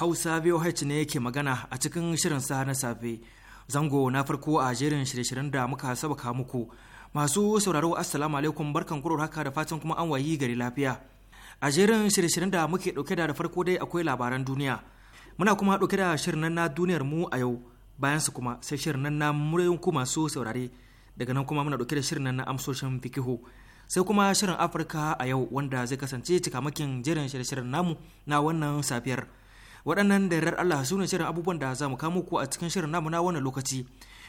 Hausa VOH ne yake magana a cikin shirin sa na safe. Zango na farko a jerin shirye-shiryen da muka sabaka muku. Masu sauraro Assalamu alaikum barkan kurar haka da fatan kuma an wayi gari lafiya. A jerin shirye-shiryen da muke dauke da farko dai akwai labaran duniya. Muna kuma dauke da shirin nan na duniyar mu a yau. Bayan su kuma sai shirin nan na muryoyin ku masu saurare. Daga nan kuma muna dauke da shirin nan na amsoshin fikihu. sai kuma shirin afirka a yau wanda zai kasance cikamakin jerin shirye-shiryen namu na wannan safiyar waɗannan da yarar Allah su ne shirin abubuwan da za mu kamo ku a cikin shirin namu na wannan lokaci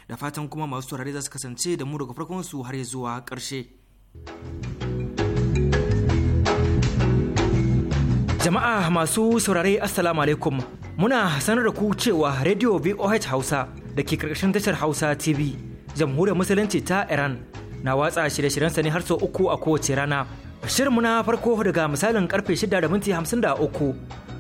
da fatan kuma masu saurare za su kasance da mu daga farkon su har zuwa ƙarshe. Jama'a masu saurare Assalamu alaikum muna sanar da ku cewa Radio VOH Hausa da ke karkashin tashar Hausa TV jamhuriyar musulunci ta Iran na watsa shirye-shiryen ne har sau uku a kowace rana. shirin na farko daga misalin karfe 6 da minti 53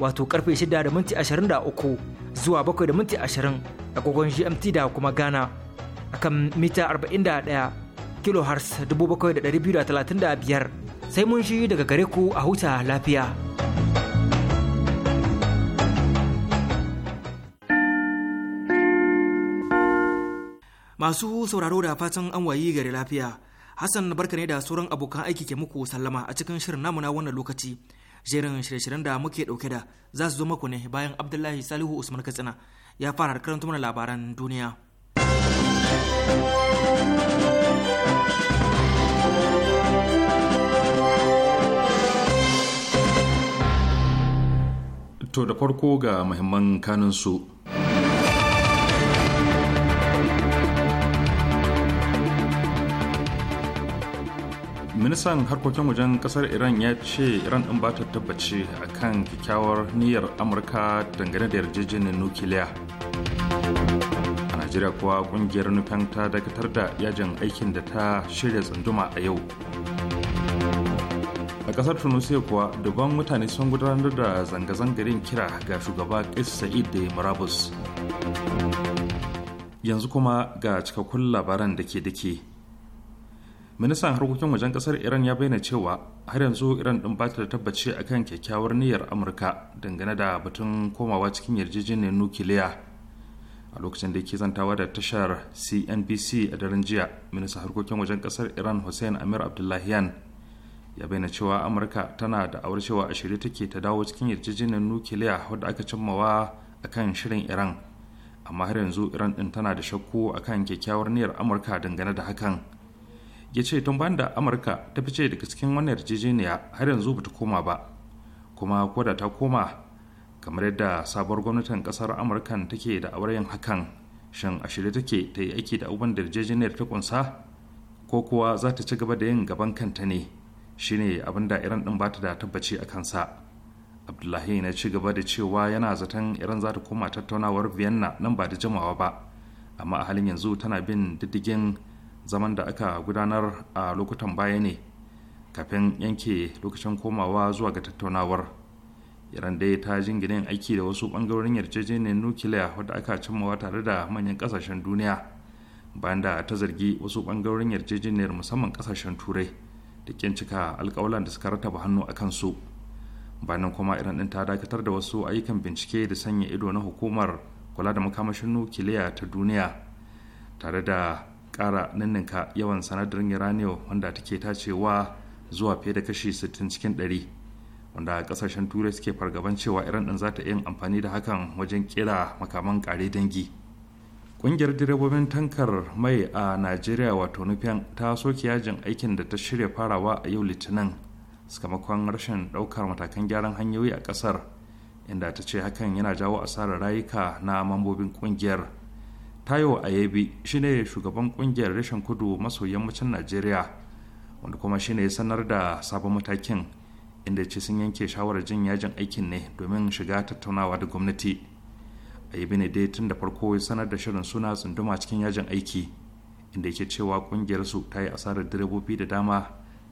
wato karfe 6:23 da minti zuwa 7:20 da minti agogon GMT da kuma Ghana akan mita 41 kilohertz 7,235 sai mun shi daga gare ku a huta lafiya. Masu sauraro da fatan an wayi gari lafiya, Hassan barka ne da sauran abokan aiki ke muku sallama a cikin shirin namuna wannan lokaci. jerin shirye-shiryen da muke dauke da za su zo maku ne bayan abdullahi salihu usman katsina ya fara karanta mana labaran duniya to da farko ga muhimman kanunsu ministan harkokin wajen kasar iran ya ce iran din ba ta tabbaci kan kyakkyawar niyyar amurka dangane da yarjejeniyar nukiliya a najeriya kuwa kungiyar nufin ta dakatar da yajin aikin da ta shirya tsunduma a yau a kasar tunisia kuwa dubban mutane sun gudanar da zanga zangarin kira ga shugaba kais sa'id da Marabus. yanzu kuma ga cikakkun labaran da ke dake ministan harkokin wajen kasar iran ya bayyana cewa har yanzu iran din bata da tabbaci akan kyakkyawar niyyar amurka dangane da batun komawa cikin yarjejeniyar nukiliya a lokacin da yake zantawa da tashar cnbc a daren jiya ministan harkokin wajen kasar iran hussein amir abdullahian ya bayyana cewa amurka tana da aure cewa a shirye take ta dawo cikin yarjejeniyar nukiliya wadda aka cimmawa akan shirin iran amma har yanzu iran din tana da shakku akan kyakkyawar niyyar amurka dangane da hakan ya ce tun bayan da amurka ta fice daga cikin wannan yarjejeniya har yanzu bata koma ba kuma ko da ta koma kamar yadda sabuwar gwamnatin kasar ta take da auren hakan shin a shirye take ta yi aiki da abubuwan da yarjejeniyar ta kunsa ko kuwa za ta ci gaba da yin gaban kanta ne shine abin da iran din bata da tabbaci a kansa abdullahi na ci gaba da cewa yana zaton iran za ta koma tattaunawar vienna nan ba da jimawa ba amma a halin yanzu tana bin diddigin zaman da aka gudanar a lokutan baya ne kafin yanke lokacin komawa zuwa ga tattaunawar iran dai ta jinginin aiki da wasu bangarorin yarjejeniyar nukiliya wadda aka cimmawa tare da manyan kasashen duniya bayan da ta zargi wasu bangarorin yarjejeniyar musamman kasashen turai da kin cika alkawalan da suka rataba hannu a kansu bayan kuma iran din ta dakatar da wasu ayyukan bincike da sanya ido na hukumar kula da makamashin nukiliya ta duniya tare da kara ninninka yawan sanadarin uranium wanda take tacewa zuwa fiye da kashi 60 cikin 100 wanda kasashen turai suke fargaban cewa iran din za ta yin amfani da hakan wajen kira makaman kare dangi ƙungiyar direbobin tankar mai a najeriya wato nufiyan ta soke yajin aikin da ta shirya farawa a yau litinin sakamakon rashin daukar matakan gyaran hanyoyi a kasar inda ta ce hakan yana jawo asarar rayuka na mambobin ƙungiyar. tayo ayabi shine shugaban kungiyar rashin kudu maso yammacin najeriya wanda kuma shine ya sanar da sabon matakin inda ce sun yanke shawarar jin yajin aikin ne domin shiga tattaunawa da gwamnati ayabi ne dai tun da farko ya sanar da shirin suna tsunduma cikin yajin aiki inda yake cewa kungiyar su ta yi asarar direbobi da dama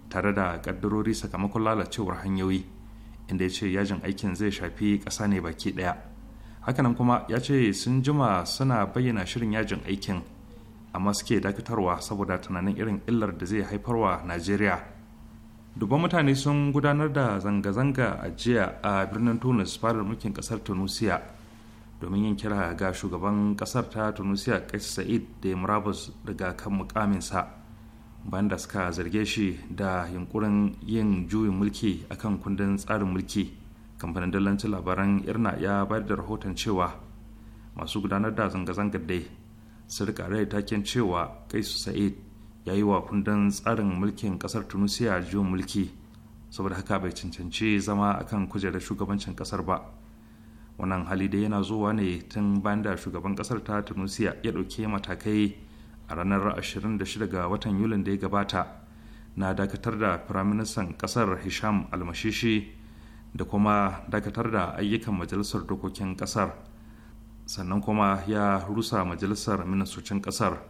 tare da kaddarori sakamakon lalacewar hanyoyi inda ya ce yajin aikin zai shafi ƙasa ne baki ɗaya hakanan kuma ya ce sun jima suna bayyana shirin yajin aikin amma suke dakatarwa saboda tunanin irin illar da zai haifarwa najeriya dubban mutane sun gudanar da zanga-zanga a jiya a birnin tunis fadar mulkin kasar tunisia domin yin kira ga shugaban kasar ta tunisia kais sa'id da ya murabus daga kan mukaminsa bayan da suka zarge shi da yunkurin yin juyin mulki akan kundin tsarin mulki kamfanin dillancin labaran irna ya bayar da rahoton cewa masu gudanar da zanga-zangar dai sun rika rai taken cewa kaisu sa'id ya yi wa kundin tsarin mulkin kasar tunisia juyin mulki saboda haka bai cancanci zama a kan kujerar shugabancin kasar ba wannan hali dai yana zuwa ne tun bayan da shugaban kasar ta tunisia ya ɗauke matakai a ranar 26 ga watan yulin da ya gabata na dakatar da firaministan kasar hisham almashishi da kuma dakatar da ayyukan majalisar dokokin kasar sannan kuma ya rusa majalisar ministocin kasar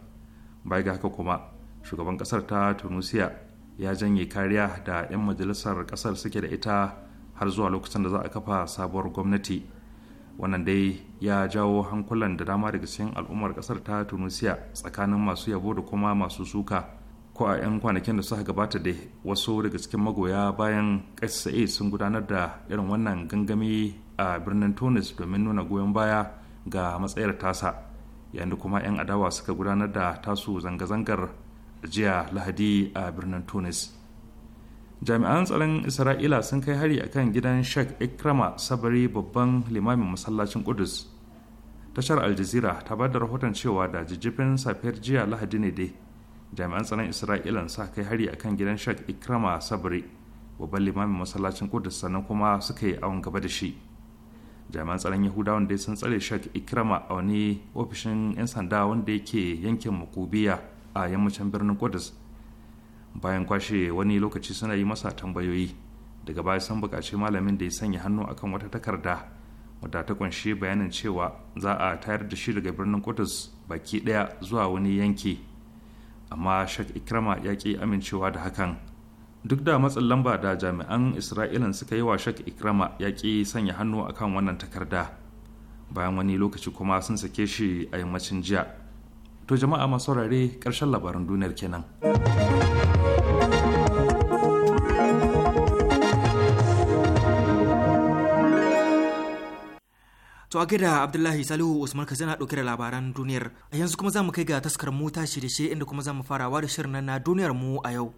bai ga haka kuma shugaban kasar ta tunisia ya janye kariya da 'yan majalisar kasar suke da ita har zuwa lokacin da za a kafa sabuwar gwamnati wannan dai ya jawo hankulan da dama daga cikin al'ummar kasar ta tunisia tsakanin masu yabo da kuma masu suka ko a 'yan kwanakin da suka gabata da wasu daga cikin magoya bayan ƙasar sun gudanar da irin wannan gangami a birnin tunis domin nuna goyon baya ga matsayar tasa yayin da kuma 'yan adawa suka gudanar da tasu zanga-zangar jiya lahadi a birnin tunis jami'an tsaron isra'ila sun kai hari a kan gidan sheikh ikrama sabari babban limamin masallacin kudus tashar aljazira ta bada da rahoton cewa da jijjifin safiyar jiya lahadi ne dai jami'an tsaron isra'ila sa kai hari akan gidan shak ikrama sabri babban limamin masallacin kudus sannan kuma suka yi awon gaba da shi jami'an tsaron wanda ya san tsare shak ikrama a wani ofishin 'yan sanda wanda yake yankin makubiya a yammacin birnin kudus bayan kwashe wani lokaci suna yi masa tambayoyi daga baya sun buƙaci malamin da ya sanya hannu akan wata takarda wadda ta kunshi bayanin cewa za a tayar da shi daga birnin kudus baki ɗaya zuwa wani yanki amma shak ikrama ya ƙi amincewa da hakan duk da matsin lamba da jami'an isra'ilan suka yi wa shak ikrama ya ƙi sanya hannu akan wannan takarda bayan wani lokaci kuma sun sake shi a yammacin jiya to jama'a masu rare ƙarshen labaran duniyar kenan. To a gida Abdullahi Salihu Usman na ɗauke da labaran duniyar. A yanzu kuma za mu kai ga taskar mota shirye inda kuma za mu farawa da shirin na duniyar mu a yau.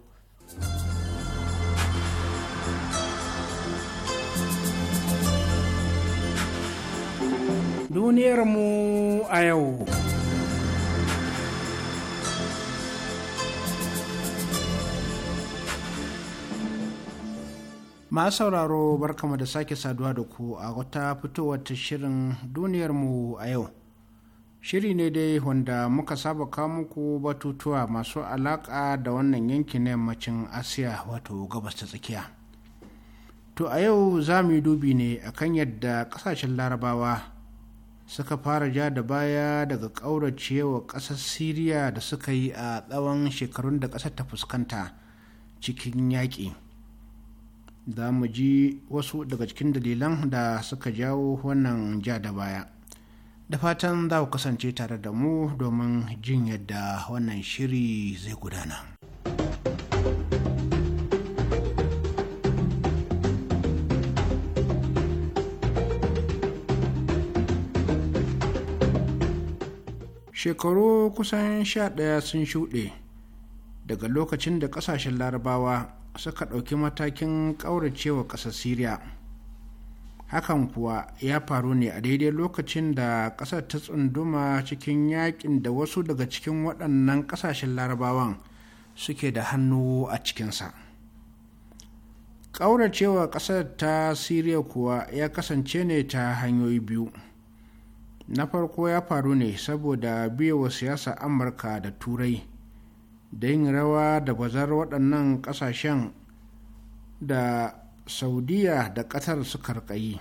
Duniyar mu a yau. masu sauraro barkamu da sake saduwa da ku a wata fitowar ta shirin duniyarmu a yau shiri ne dai wanda muka saba kawo muku batutuwa masu alaƙa da wannan yanki na yammacin asiya wato gabas ta tsakiya to a yau za mu yi dubi ne akan yadda ƙasashen larabawa suka fara ja da baya daga ƙauracewa ƙasar siriya da suka yi a tsawon shekarun da ƙasar ta fuskanta cikin yaƙi za mu ji wasu daga cikin dalilan da suka jawo wannan ja da baya da fatan za ku kasance tare da mu domin jin yadda wannan shiri zai gudana shekaru kusan sha ɗaya sun shuɗe daga lokacin da ƙasashen larabawa suka ɗauki matakin ƙauracewa ƙasar Siriya, hakan kuwa ya faru ne a daidai lokacin da ƙasar ta tsunduma cikin yaƙin da wasu daga cikin waɗannan ƙasashen larabawan suke da hannu a cikinsa ƙauracewa ƙasar ta siriya kuwa ya kasance ne ta hanyoyi biyu na farko ya faru ne saboda biyewa siyasa amurka da turai da yin rawa da bazar waɗannan ƙasashen da saudiya da ƙasar suka rikayi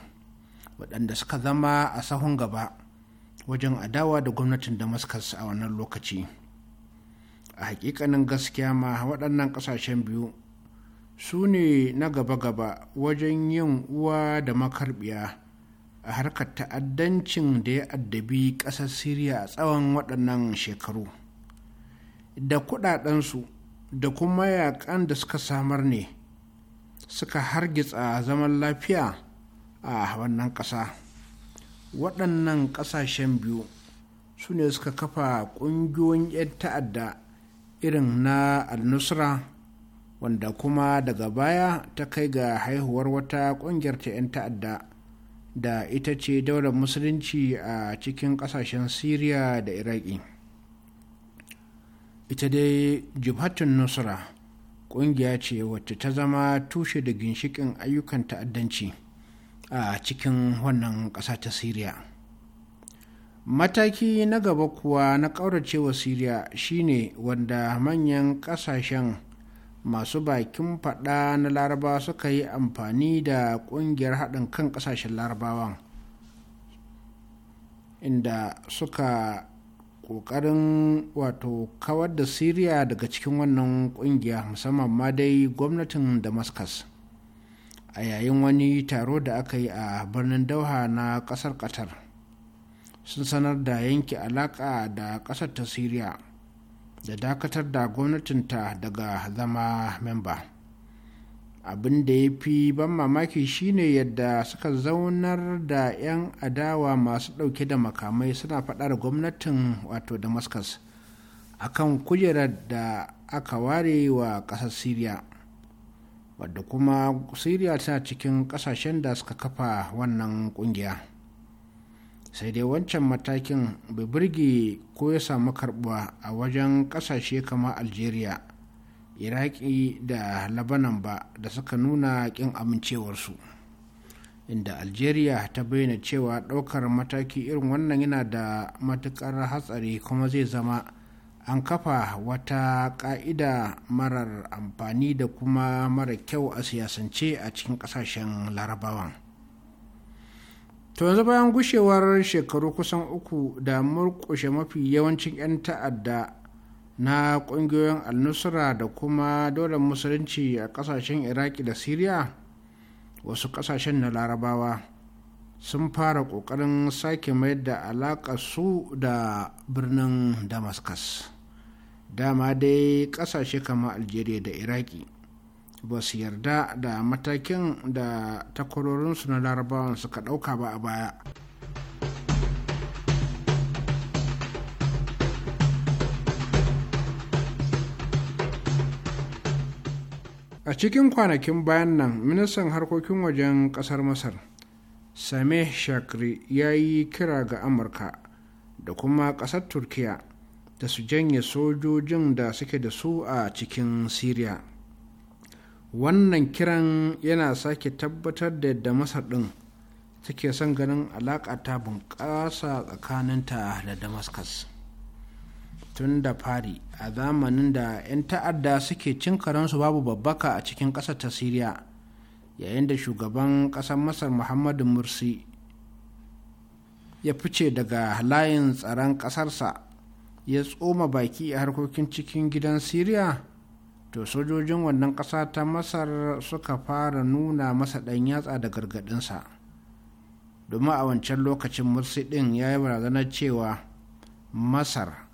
waɗanda suka zama a sahun gaba wajen adawa da gwamnatin damascus a wannan lokaci a hakikanin gaskiya ma waɗannan ƙasashen biyu su ne na gaba-gaba wajen yin uwa da makarbiya a harkar ta'addancin da ya addabi ƙasar Siriya a tsawon waɗannan shekaru da kudadensu da kuma yakan da suka samar ne suka hargitsa zaman lafiya a wannan ƙasa waɗannan ƙasashen biyu su ne suka kafa ƙungiyoyin 'yan ta'adda irin na al-nusra wanda kuma daga baya ta kai ga haihuwar wata ƙungiyar ta 'yan ta'adda da ita ce daular musulunci a cikin ƙasashen Siriya da iraki ita dai jihatun nusra ƙungiya ce wacce ta zama tushe da ginshikin ayyukan ta'addanci a cikin wannan ƙasa ta siriya mataki na gaba kuwa na ƙauracewa siriya shine wanda manyan ƙasashen masu bakin faɗa na laraba suka yi amfani da ƙungiyar haɗin kan ƙasashen larabawan inda suka kokarin wato kawar da syria daga cikin wannan kungiya musamman ma dai gwamnatin damascus a yayin wani taro da aka yi a birnin dauha na kasar qatar sun sanar da yanke alaka da kasar ta syria da dakatar da gwamnatinta daga zama memba. abin da ya fi ban mamaki shine yadda suka zaunar da 'yan adawa masu ɗauke da makamai suna faɗa da gwamnatin wato damascus akan kujerar da aka ware wa ƙasar syria wadda kuma syria tana cikin ƙasashen da suka kafa wannan ƙungiya sai dai wancan matakin bai burge ko ya samu karɓuwa a wajen ƙasashe kamar algeria iraki da labanan ba da suka nuna ƙin amincewarsu inda algeria ta bayyana cewa ɗaukar mataki irin wannan yana da matuƙar hatsari kuma zai zama an kafa wata ƙa'ida marar amfani da kuma mara kyau a siyasance a cikin ƙasashen larabawan to yanzu bayan gushewar shekaru kusan uku da murƙushe mafi yawancin 'yan ta'adda na ƙungiyoyin al-nusra da kuma daular musulunci a ƙasashen iraki da syria wasu ƙasashen na larabawa sun fara ƙoƙarin sake mayar da alaƙa su da birnin damascus dama dai ƙasashe kama algeria da iraki ba su yarda da matakin da takwarorinsu na larabawan suka ɗauka ba a baya a cikin kwanakin bayan nan ministan harkokin wajen kasar masar same shakri ya yi kira ga amurka da kuma kasar turkiya da su janye sojojin da suke da su a cikin syria wannan kiran yana sake tabbatar da yadda masar ɗin take son ganin alaƙa ta bunƙasa tsakaninta da damascus tun da fari a zamanin da 'yan ta'adda suke cin karansu babu babbaka a cikin ƙasa ta siriya yayin da shugaban ƙasar masar muhammadu mursi ya fice daga layin tsaron ƙasarsa ya tsoma baki a harkokin cikin gidan siriya to sojojin wannan ƙasa ta masar suka fara nuna masa ɗan yatsa da gargaɗinsa domin a wancan lokacin mursi ɗin ya yi barazanar cewa masar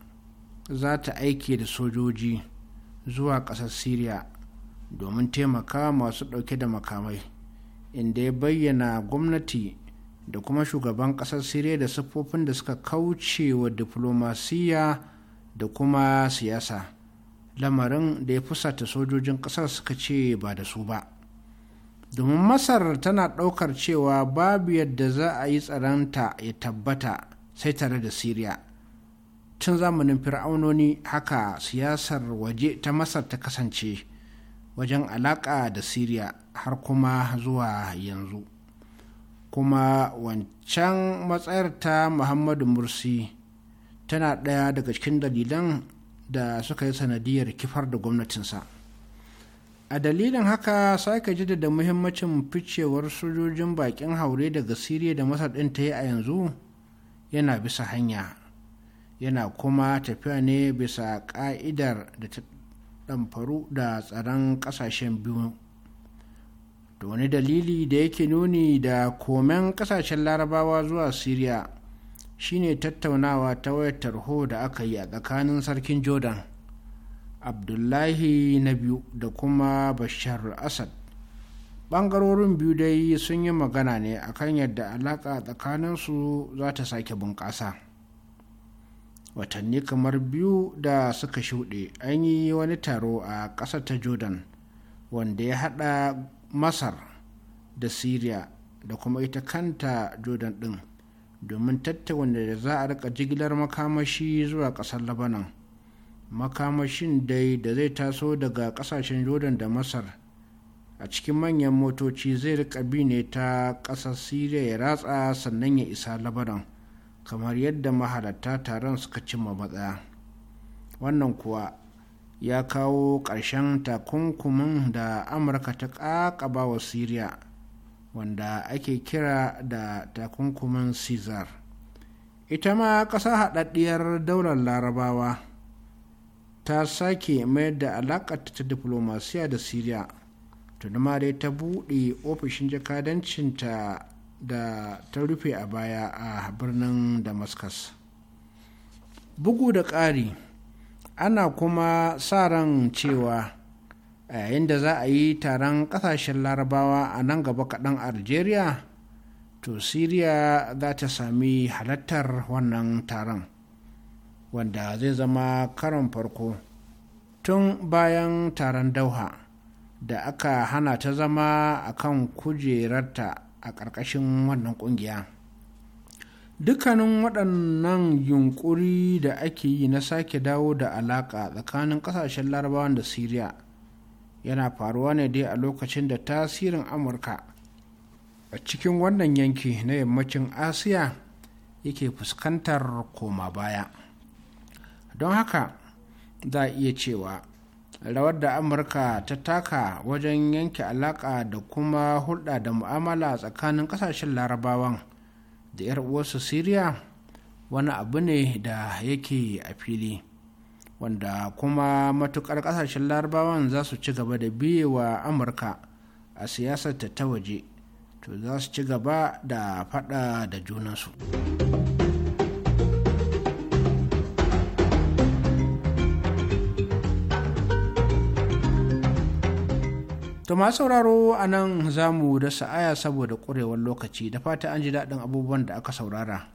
za ta aike da sojoji zuwa ƙasar syria domin taimaka masu ɗauke da makamai inda ya bayyana gwamnati da kuma shugaban ƙasar syria da siffofin da suka kauce wa diflomasiya da kuma siyasa lamarin da ya fusata sojojin ƙasar suka ce ba da su ba domin masar tana ɗaukar cewa babu yadda za a yi tsaronta ya tabbata sai tare da syria tun zamanin fir'aunoni haka siyasar waje ta masar ta kasance wajen alaƙa da siriya har kuma zuwa yanzu kuma wancan matsayar ta muhammadu mursi tana ɗaya daga cikin dalilan da suka yi sanadiyar kifar da gwamnatinsa a dalilin haka sake jaddada muhimmancin ficewar sojojin bakin haure daga siriya da masar ɗin ta yi a yanzu yana bisa hanya yana kuma tafiya ne bisa ka'idar da ta ɗamfaru da tsaron ƙasashen biyu da wani dalili da yake nuni da komen ƙasashen larabawa zuwa syria shine tattaunawa ta wayar tarho da aka yi a tsakanin sarkin jordan abdullahi na biyu da kuma bashar asad bangarorin biyu dai sun yi magana ne akan yadda alaƙa tsakaninsu za ta sake bunƙasa. watanni kamar biyu da suka shuɗe an yi wani taro a ƙasar ta jordan wanda ya haɗa masar da syria da kuma ita kanta jordan ɗin domin tattauna da za a rika jigilar makamashi zuwa ƙasar labanan makamashin dai da zai taso daga ƙasashen jordan da masar a cikin manyan motoci zai rika bi ne ta ƙasar syria ya ratsa sannan ya isa labanan kamar yadda mahalarta taron suka cimma matsaya wannan kuwa ya kawo ƙarshen takunkumin da amurka ta ƙaƙaba wa syria wanda ake kira da takunkumin caesar ita ma ƙasa haɗaɗɗiyar daular larabawa ta sake mayar da alaƙa ta diplomasiya da syria tuni dai ta buɗe ofishin jakadancinta da ta rufe a baya a birnin damascus bugu da ƙari ana kuma sa ran cewa a yayin da za a yi taron ƙasashen larabawa a nan gaba kaɗan algeria to syria za ta sami halattar wannan taron wanda zai zama karon farko tun bayan taron dauha da aka hana ta zama a kan kujerarta a ƙarƙashin wannan ƙungiya dukkanin waɗannan yunƙuri da ake yi na sake dawo da alaƙa tsakanin ƙasashen larabawan da siriya yana faruwa ne dai a lokacin da tasirin amurka a cikin wannan yanki na yammacin asiya yake fuskantar koma baya don haka za a iya cewa rawar da amurka ta taka wajen yanke alaƙa da kuma hulɗa da mu'amala tsakanin ƙasashen larabawan da 'yar uwarsu syria wani abu ne da yake a fili wanda kuma matuƙar ƙasashen larabawan za su ci gaba da biye wa amurka a siyasar ta waje to za su ci gaba da faɗa da junansu. To ma sauraro a nan za mu da sa'aya saboda ƙurewar lokaci da fata an ji daɗin abubuwan da aka saurara.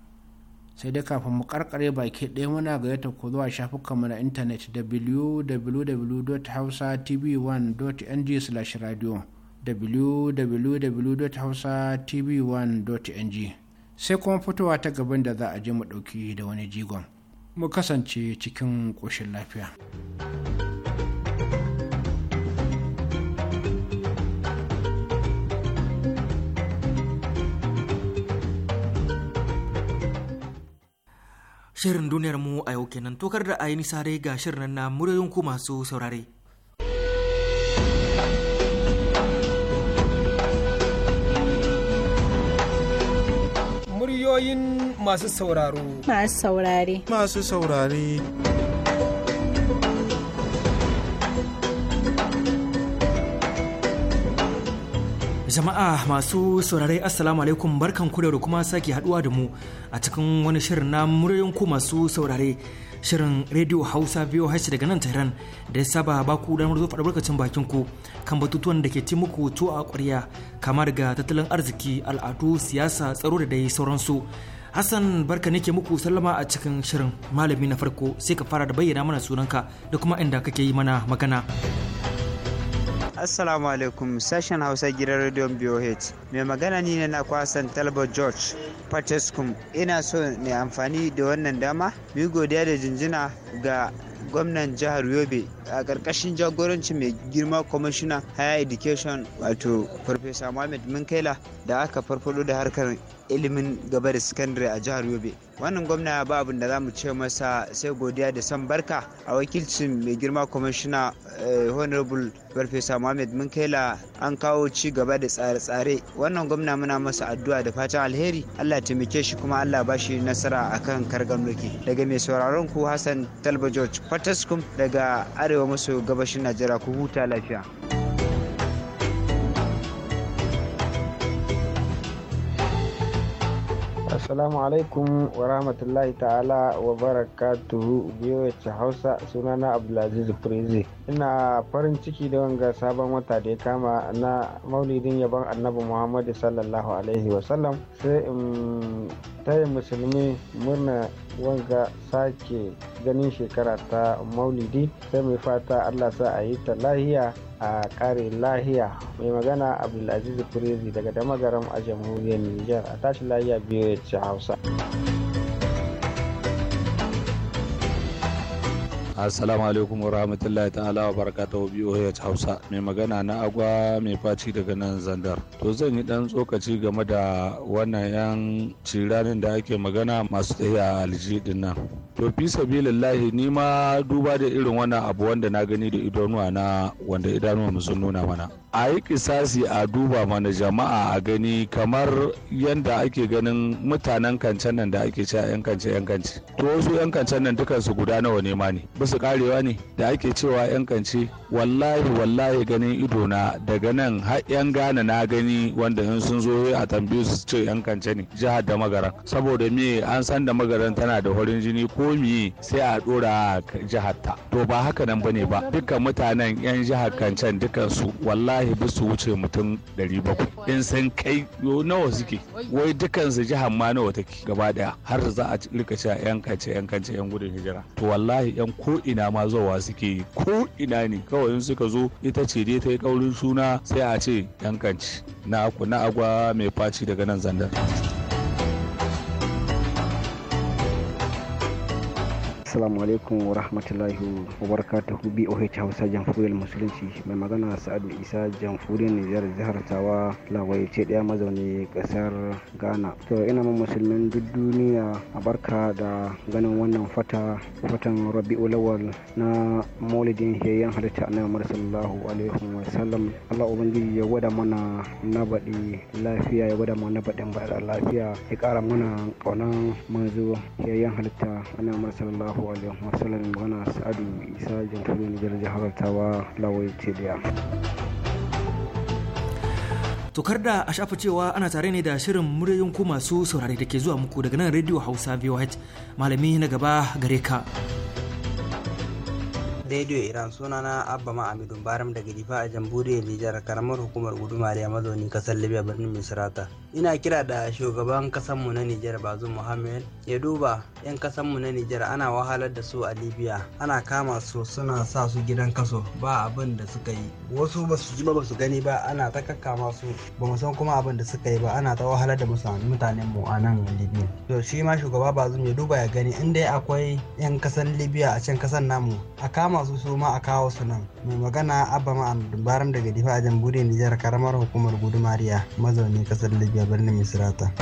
Sai dai kafin mu karkare baki ɗaya muna gayyata ku zuwa shafukanmu na intanet www.hausatv1.ng/radio www.hausatv1.ng sai kuma fitowa ta gaban da za a je mu ɗauki da wani jigon. Mu kasance cikin ƙoshin lafiya. Shirin duniyar mu a yau kenan tokar da ayi sare ga shirin na muryoyin ku masu saurare. Muryoyin masu sauraro. Masu saurare. Masu saurare. Jama'a masu saurare Assalamu alaikum barkan ku da kuma sake haduwa da mu a cikin wani shirin na muryoyin ku masu saurare shirin Radio Hausa biyo hashi daga nan Tehran da ya saba ba ku damar zo faɗa barkacin bakin ku kan batutuwan da ke ci muku to a ƙwarya kama daga tattalin arziki al'adu siyasa tsaro da dai sauransu. Hassan barka ne ke muku sallama a cikin shirin malami na farko sai ka fara da bayyana mana sunanka da kuma inda kake yi mana magana. Assalamu alaikum sashen Hausa gidan rediyon BOH. Mai magana ni ne na kwasan Talba George Patescum. Ina so ne amfani da wannan dama, mi godiya da jinjina ga gwamnan jihar Yobe a ƙarƙashin jagorancin mai girma kwamishina higher education wato farfesa mohammed minkaila da aka farfado da harkar ilimin gaba da sakandare a jihar yobe wannan gwamna ba abin da zamu ce masa sai godiya da san barka a wakilcin mai girma kwamishina eh, honorable farfesa mohammed minkaila an kawo ci gaba da tsare-tsare wannan gwamna muna masa addu'a da fatan alheri allah taimake shi kuma allah ba shi nasara akan kargan daga mai sauraron ku hassan talba george fataskum daga arewa arewa maso gabashin najeriya ku huta lafiya Assalamu alaikum wa rahmatullahi ta'ala wa barakatuhu biyo Hausa sunana Abdulaziz Prezi. Ina farin ciki da wanga sabon wata da ya kama na maulidin yaban annabi Muhammadu sallallahu alaihi wasallam sai in taya musulmi murna wanga sake ganin shekara ta maulidi sai mai fata allah sa a yi ta lahiya a kare lahiya mai magana abdulaziz kurezi daga damagaram a jamhuriyar niger a tashi lahiya biyu ya ci hausa assalamu alaikum warahmatullahi rahmatullahi ta'ala wa barakatuhu boh hausa mai magana na agwa mai faci daga nan zandar to zan yi dan tsokaci game da wannan yan ciranin da ake magana masu tsaye a alji din nan to fi sabilillahi ni ma duba da irin wannan abu wanda na gani da idanuwa na wanda idanuwa mu sun nuna mana a yi kisasi a duba mana jama'a a gani kamar yadda ake ganin mutanen kancan nan da ake cewa yan kance yan kance to wasu yan kancan nan dukan su guda nawa ne ma ne basu karewa ne da ake cewa yan kance wallahi wallahi ganin ido na daga nan har yan gane na gani wanda in sun zo a tambaye su ce yan kance ne jihar da magaran saboda me an san da magaran tana da horin jini ko komi sai a dora jihar ta to ba haka nan bane ba dukkan mutanen yan jihar kancan dukkan su wallahi bi su wuce mutum 700 in san kai nawa suke wai dukkan su jihar ma nawa take gaba daya har za a rika cewa yan kance yan kance yan gudun hijira to wallahi yan ko ina ma zuwa suke ko ina ne kawai in suka zo ita ce dai ta yi kaurin suna sai a ce yan kance na na agwa mai faci daga nan zandar assalamu alaikum wa rahmatullahi wa barakatuhu boh hausa jamhuriyar musulunci mai magana sa'adu isa jamhuriyar nijar jihar tawa lawai ce daya mazauni kasar ghana to ina ma musulmin duk duniya a barka da ganin wannan fata fatan rabi'ul awwal na maulidin hayyan halitta annabi muhammad sallallahu alaihi wa sallam allah ubangiji ya gwada mana nabadi lafiya ya gwada mana baɗin ba lafiya ya ƙara mana kaunan manzo hayyan halitta annabi muhammad sallallahu assalamu magana sa'adu isa jamhuriyar nijar jihar tawa lawai tokar da a shafa cewa ana tare ne da shirin muryoyin ku masu saurare da ke zuwa muku daga nan radio hausa voh malami na gaba gare ka Radio Iran sunana Abba Ma'amidun Baram daga jifa a jamhuriyar Nijar karamar hukumar guduma da mazauni kasar Libya birnin Misrata. ina kira da shugaban kasanmu na Nijar bazu Muhammad ya duba 'yan kasanmu na Nijar ana wahalar da su a Libya ana kama su suna sa su gidan kaso ba abin da suka yi wasu ba su ji ba su gani ba ana ta kakkama su ba mu san kuma abin da suka yi ba ana ta wahalar da mutanen mu a nan Libya to shi ma shugaba Bazoum ya duba ya gani in dai akwai 'yan kasan Libya a can kasan namu a kama su su ma a kawo su nan mai magana Abba Ma'an dubaran daga Difa a jamhuriyar Nijar karamar hukumar Gudumariya mazauni kasar Libya Gabriel de Misrata.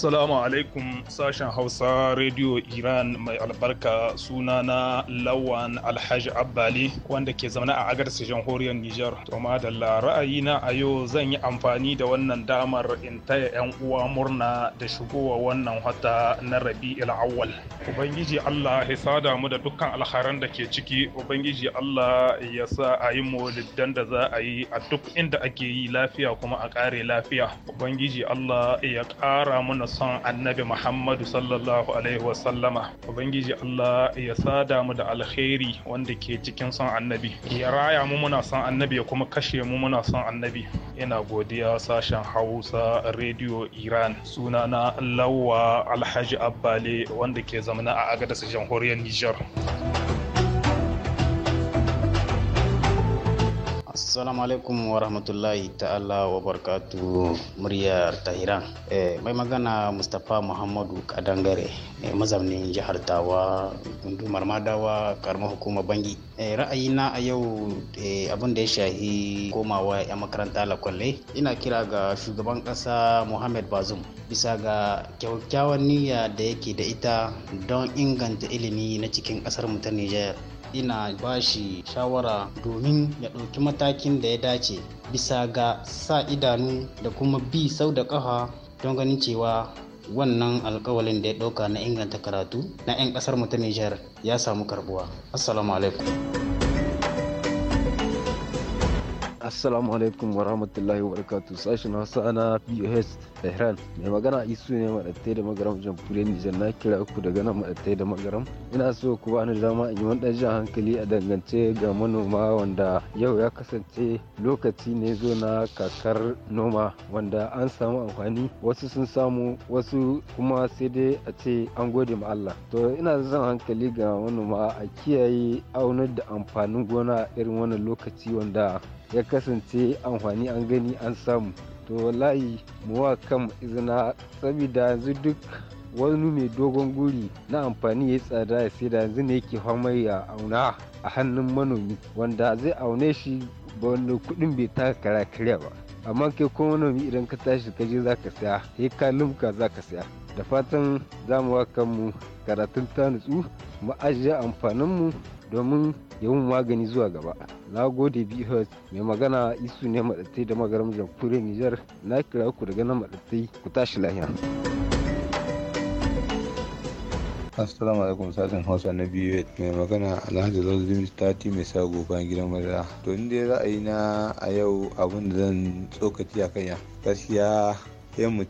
Assalamu alaikum sashen Hausa Radio Iran mai albarka suna na Lawan Alhaji Abbali wanda ke zaune a agar jamhuriyar Nijar. da ra'ayi ra'ayina a yau zan yi amfani da wannan damar in taya 'yan uwa murna da shigowa wannan wata na il Awwal. Ubangiji Allah ya sada mu da dukkan alharan da ke ciki, Ubangiji Allah ya sa a yi da za a yi a duk inda ake yi lafiya kuma a ƙare lafiya. Ubangiji Allah ya ƙara mana son annabi muhammadu sallallahu alaihi wasallama ubangiji allah ya sada mu da alkhairi wanda ke cikin son annabi ya raya mu muna son annabi ya kuma kashe mu muna son annabi ina godiya sashen hausa rediyo iran sunana lawa alhaji abbale wanda ke zamana a agadas jamhuriyar Nijar. Assalamu alaikum wa rahmatullahi ta'ala wa barkatu muryar Tahiran. Eh, mai magana Mustapha Muhammadu Kadangare eh, mazaunin jihar Tawa, gundumar Madawa, karamar hukumar Bangi. ra'ayi eh, ra'ayina a yau abin da ya shahi komawa 'yan makaranta lakwalle. Ina kira ga shugaban ƙasa Muhammad Bazum bisa ga kyakkyawan niyya da yake da ita don inganta ilimi na cikin ƙasar mu ta Nijar. ina ba shi shawara domin ya ɗauki matakin da ya dace bisa ga sa idanu da kuma bi sau da ƙafa don ganin cewa wannan alkawalin da ya ɗauka na inganta karatu na 'yan ƙasar mu ta Nijar ya samu karbuwa. Assalamu alaikum. assalamu alaikum wa rahmatullahi wa barakatuh sashen hausa na pos tehran mai magana isu ne maɗattai da magaram jamhuriyar nijar na kira ku daga nan maɗattai da magaram ina so ku ni dama in yi wani ɗan jan hankali a dangance ga manoma wanda yau ya kasance lokaci ne zo na kakar noma wanda an samu amfani wasu sun samu wasu kuma sai dai a ce an gode ma Allah to ina zan hankali ga manoma a kiyaye aunar da amfanin gona irin wannan lokaci wanda ya kasance amfani an gani an samu to wallahi mu wa kan izina saboda yanzu duk wani mai dogon guri na amfani ya tsada ya sai da yanzu ne yake fama ya auna a hannun manomi wanda zai aune shi ba wanda kudin bai taka kara karya ba amma kai ko manomi idan ka tashi ka je za ka saya sai ka lumka za ka saya da fatan za mu wa kanmu karatun ta nutsu mu ajiye amfaninmu domin yawan magani zuwa gaba na gode bihas mai magana isu ne maɗatai da magaram jamhuriyar nijar na kira ku daga nan maɗatai ku tashi lahiya assalamu alaikum sashen hausa na biyu mai magana alhaji zazzabin tati mai sago a gidan madara to inda ra'ayi na a yau abin da zan tsokaci a kanya gaskiya sai mu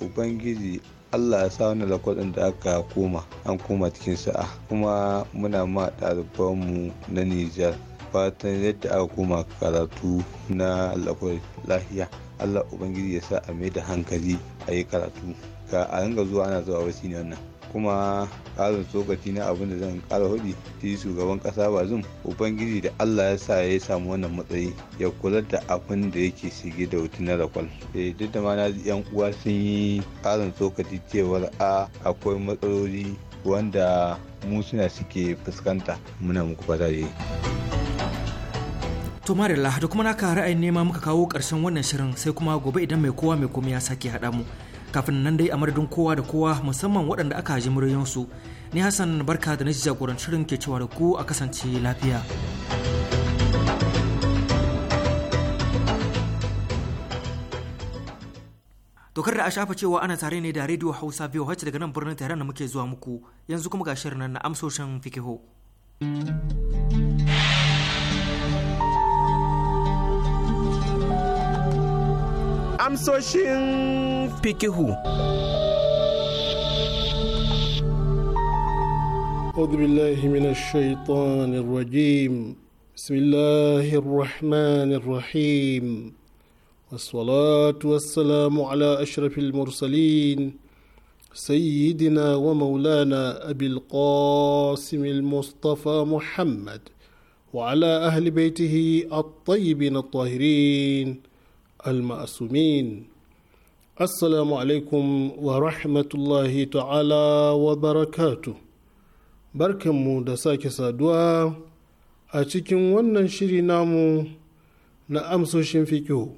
ubangiji allah ya sa wani da aka koma an koma cikin sa'a kuma muna ma ɗalibanmu na nijar fatan yadda aka koma karatu na lakwai lahiya allah ubangiji ya sa a mai da hankali a yi karatu ka a ringa zuwa ana zuwa wasu ne wannan kuma ƙarin tsokaci na abin da zan ƙara hudi shi shugaban ƙasa bazum ubangiji da allah ya sa ya samu wannan matsayi ya kula da abin da yake shige da wuti na rakwal eh duk da ma yan uwa sun yi ƙarin tsokaci cewar a akwai matsaloli wanda mu suna suke fuskanta muna muku fata da yi To mara da kuma naka ra'ayin nema muka kawo ƙarshen wannan shirin sai kuma gobe idan mai kowa mai komai ya sake haɗa mu. kafin nan dai a madadin kowa da kowa musamman waɗanda aka ji muryoyinsu ni hassan barka da na shirin ke cewa da ku a kasance lafiya Dokar da a shafa cewa ana tare ne da Radio Hausa VOH daga nan birnin Tehran da muke zuwa muku yanzu kuma ga shirin nan na amsoshin fikiho. amsoshin fikihu. أعوذ بالله من الشيطان الرجيم بسم الله الرحمن الرحيم والصلاة والسلام على أشرف المرسلين سيدنا ومولانا أبي القاسم المصطفى محمد وعلى أهل بيته الطيبين الطاهرين al-ma'asumin assalamu alaikum wa rahmatullahi ta'ala wa barakatu barkanmu da sake saduwa a cikin wannan shiri namu na amsoshin fikihu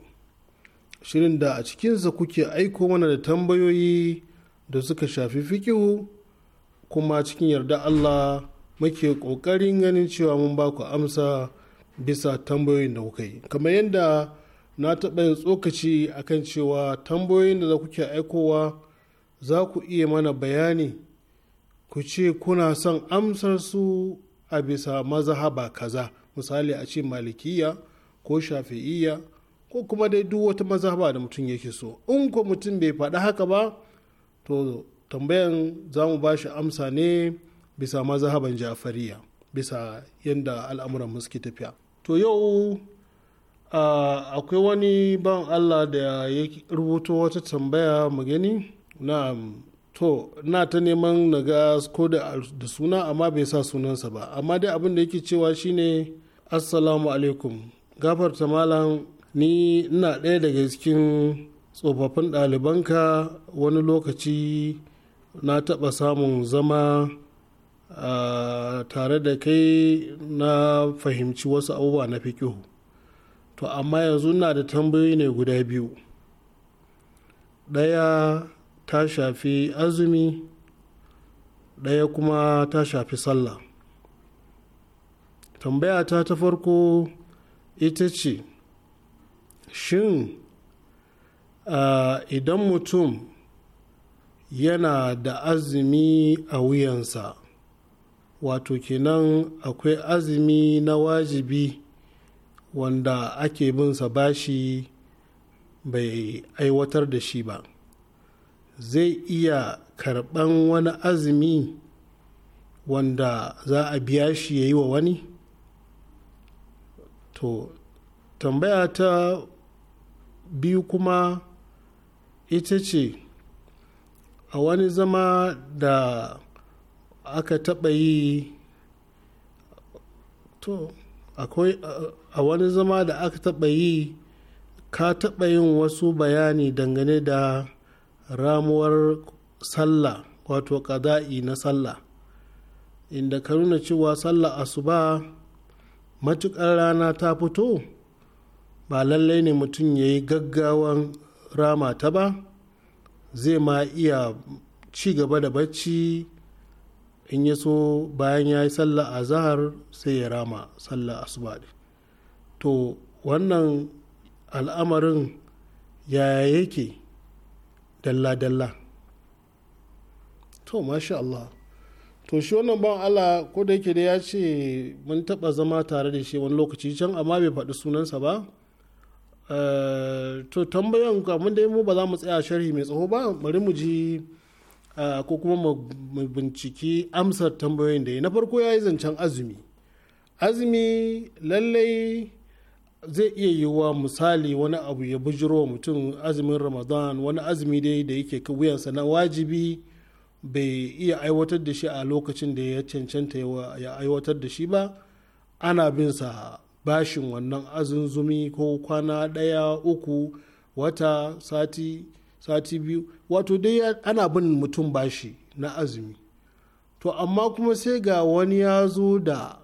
shirin da a cikinsa kuke aiko mana da tambayoyi da suka shafi fikihu kuma cikin yarda Allah muke ƙoƙarin ganin cewa mun ba ku amsa bisa tambayoyin da kuka yi kamar yadda na taɓa yin tsokaci a kan cewa tambayoyin da za ku kuke aikowa za ku iya mana bayani ku ce kuna son amsar su a bisa mazahaba kaza misali a ce malikiya ko shafi'iya ko kuma dai duk wata mazaba da mutum yake so in ko mutum bai faɗi haka ba to tambayan za mu ba shi amsa ne bisa mazhaban jafariya bisa yadda al'amuran suke tafiya to yau akwai wani ban allah da ya rubuto wata tambaya mu gani na to na ta neman na ga ko da suna amma bai sa sunansa ba amma dai abin da yake cewa shine assalamu alaikum gafar malam ni ina ɗaya daga cikin tsofaffin ɗalibanka wani lokaci na taɓa samun zama tare da kai na fahimci wasu abubuwa na fiƙihu to amma yanzu na da tambayoyi ne guda biyu ɗaya ta shafi azumi ɗaya kuma ta shafi sallah tambaya ta ta farko ita ce shin idan mutum yana da azumi a wuyansa wato kenan akwai azumi na wajibi wanda ake bin sa bashi bai aiwatar da shi ba zai iya karɓan wani azumi wanda za a biya shi ya yi wa wani to tambaya ta biyu kuma ita ce a wani zama da aka taɓa yi to akwai a wani zama da aka taɓa yi ka taɓa yin wasu bayani dangane da ramuwar sallah wato ƙada'i na sallah inda ka nuna cewa sallah asuba matuƙar rana ta fito ba lallai ne mutum ya yi gaggawan rama ta ba zai ma iya ci gaba da bacci in ya so bayan ya yi sallah a zahar sai ya rama sallah asuba ɗin to wannan al'amarin yaya yake dalla-dalla to masha Allah to shi wannan ban Allah ko da yake da ya ce mun taɓa zama tare da shi wani lokaci can amma bai faɗi sunansa ba eh, to tambayan mun da mu ba za mu tsaya sharhi mai tsaho ba bari mu ji Ah, ko kuma mu binciki amsar tambayoyin da ya na farko ya yi zancen azumi azumi lallai zai iya yiwuwa misali wani abu ya bujiro mutum azumin ramadan wani azumi dai da yake wuyansa na wajibi bai iya aiwatar da shi a lokacin da ya cancanta ya aiwatar da shi ba ana bin sa bashin wannan azunzumi ko kwana ɗaya uku wata sati sati biyu wato dai ana bin mutum bashi na azumi to amma kuma sai ga wani ya zo da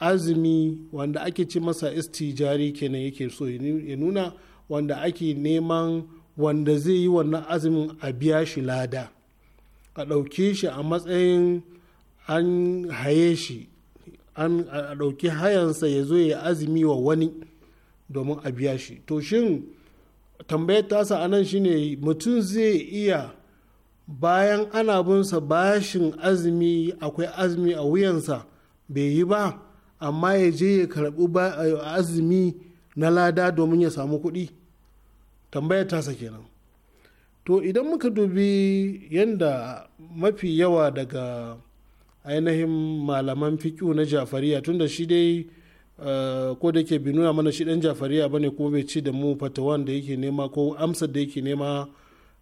azumi wanda ake ci masa istijari kenan yake so ya nuna wanda ake neman wanda zai yi wannan azumin a biya shi lada a ɗauke shi a matsayin an haye shi an ɗauki hayansa ya zo ya azumi wa wani domin a biya shi to shin tambayar tasa a nan shine mutum zai iya bayan ana binsa bashin azumi akwai azumi a wuyansa bai yi ba amma ya je ya karɓi eh, azumi na lada domin ya samu kuɗi tambayar tasa kenan to idan muka dubi yadda mafi yawa daga ainihin malaman fiƙu na jafariya tunda shi dai Eh, ko da yake bi nuna mana shi dan jafariya bane ko bai ci da mu fatawan da yake nema ko amsar da yake nema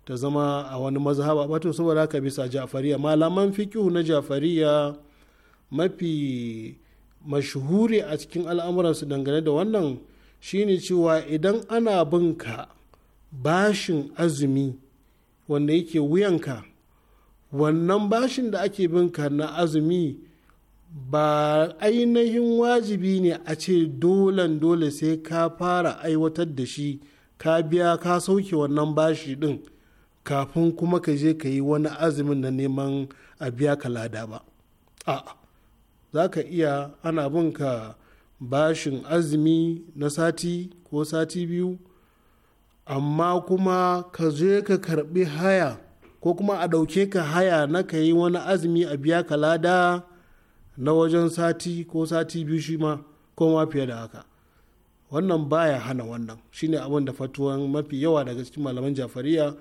ta zama a wani mazhaba ba to saboda haka bisa jafariya malaman fiqh na jafariya mafi mashhuri a cikin al'amuransu dangane da wannan shine cewa idan ana bin ka bashin azumi wanda yake wuyanka wannan bashin da ake binka na azumi ba ainihin wajibi ne a ce dolan dole sai ka fara aiwatar da shi ka biya ka sauke wannan bashi din kafin kuma ka je ka yi wani azumin na neman a biya ka lada ba a' za ka iya ana bin ka bashin azumi na sati ko sati biyu amma kuma ka je ka karbi haya ko kuma a ɗauke ka haya na ka yi wani azumi a biya ka lada na wajen sati ko sati biyu shi ma ko fiye da haka wannan baya hana wannan shine abin da fatuwan mafi yawa daga cikin malaman jafariya